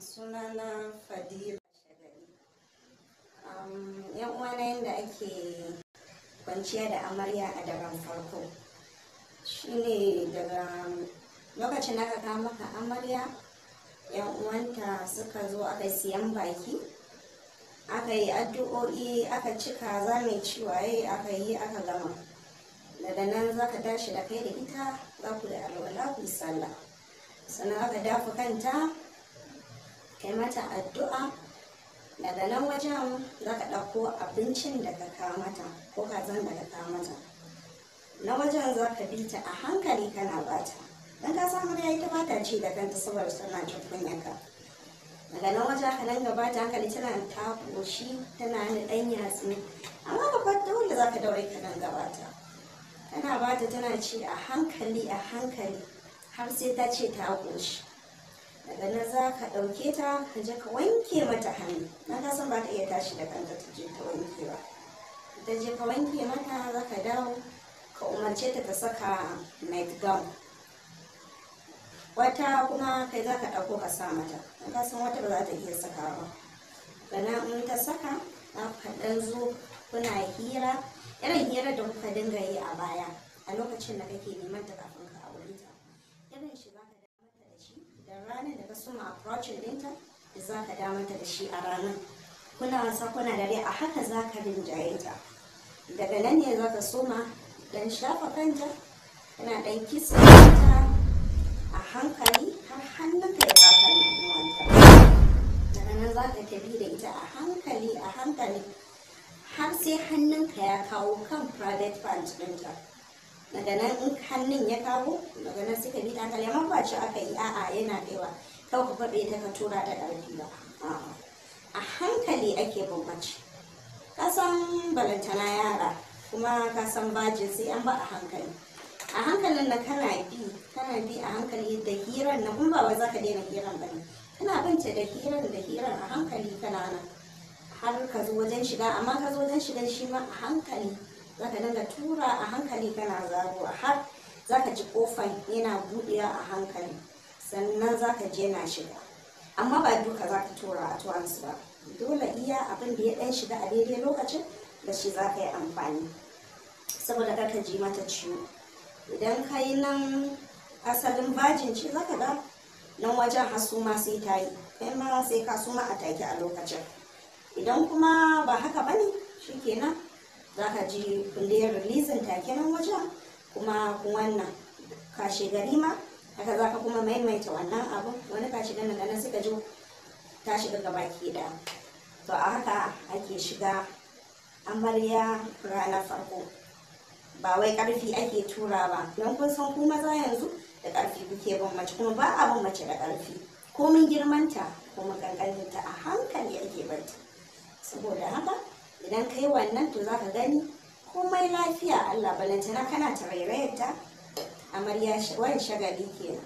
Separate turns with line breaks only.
sunana fadila shagali um, yan yadda ake kwanciya da amarya a daga farko shine daga lokacin da aka kawo maka amarya yan uwanta suka zo aka siyan baki aka yi addu'o'i aka cika kaza mai ciwaye aka yi aka gama daga nan za ka tashi da kai da ita za ku da alwala ku sallah sannan aka dafa kanta kai mata addu'a daga nan wajen za ka ɗauko abincin da ka kamata ko ko kazan da ka kamata? na wajen za ka bi ta a hankali kana bata don ka samu da yi ta ta ci da kanta saboda suna jin kunyanka daga nan wajen ka nan gaba ta hankali tana ta koshi tana ni ɗan yatsu amma ka bar wanda za ka daure ka nan gaba ta kana bata tana ci a hankali a hankali har sai ta ce ta koshi daga za ka ɗauke ta ka je ka wanke mata hannu na ka san ba ta iya tashi da kanta ta je ta wanke ba ta je ka wanke mata za ka dawo ka umarce ta ta saka night gown wata kuma kai za ka ɗauko ka sa mata na ka san wata ba za ta iya saka ba gana in ta saka za ka ɗan zo kuna hira irin hira da kuka dinga yi a baya a lokacin da kake neman ta kafin ka aure ta irin da ranar da ka soma approaching dinta da za ka damanta da shi a ranar kuna wasa kuna dare a haka za ka rinjaye daga nan ne za ka suma dan shafa kanta kana dan kisa ta a hankali har hannunka ya baka wanta daga nan za ka tafi da ita a hankali a hankali har sai hannunka ya kawo kan private fund ɗinta. daga nan in hannun ya kawo daga nan suka bi hankali amma ba ci aka yi a'a yana yawa kawai ka faɗe ta ka tura da ƙarfi ba a hankali ake bambanci kasan balantana yara kuma kasan bajin sai an ba a hankali a hankalin na kana bi kana bi a hankali da hirar na kuma ba za ka daina hirar ba ne kana bance da hirar da hirar a hankali kana nan har ka zo wajen shiga amma ka zo wajen shiga shi ma a hankali Zaka daga tura a hankali kana zaro har zaka ji kofan yana buɗewa a hankali sannan zaka je na shiga amma ba duka zaka tura a tuwansu ba dole iya abin da ya ɗan shiga a daidai lokacin da shi zaka yi amfani saboda kar ka ji mata ciwo idan ka yi nan asalin bajin ce zaka ga nan wajen hasuma sai ta yi kai ma sai ka suma a take a lokacin idan kuma ba haka bane kenan. zaka ka ji kuliyar rilisin take nan wajen kuma wannan kashe gari ma haka zaka kuma maimaita wannan abu wani kashe gari da nan suka ji ta shiga gaba ke da to a haka ake shiga amarya ranar farko ba wai karfi ake tura ba don kun san ku maza yanzu da karfi kuke bin mace kuma ba a bin mace da karfi komin girmanta ko kankaninta a hankali ake barta saboda haka idan ka yi wannan to za ka gani komai lafiya allah balantana kana ta tarairayarta amarya wani shagali kenan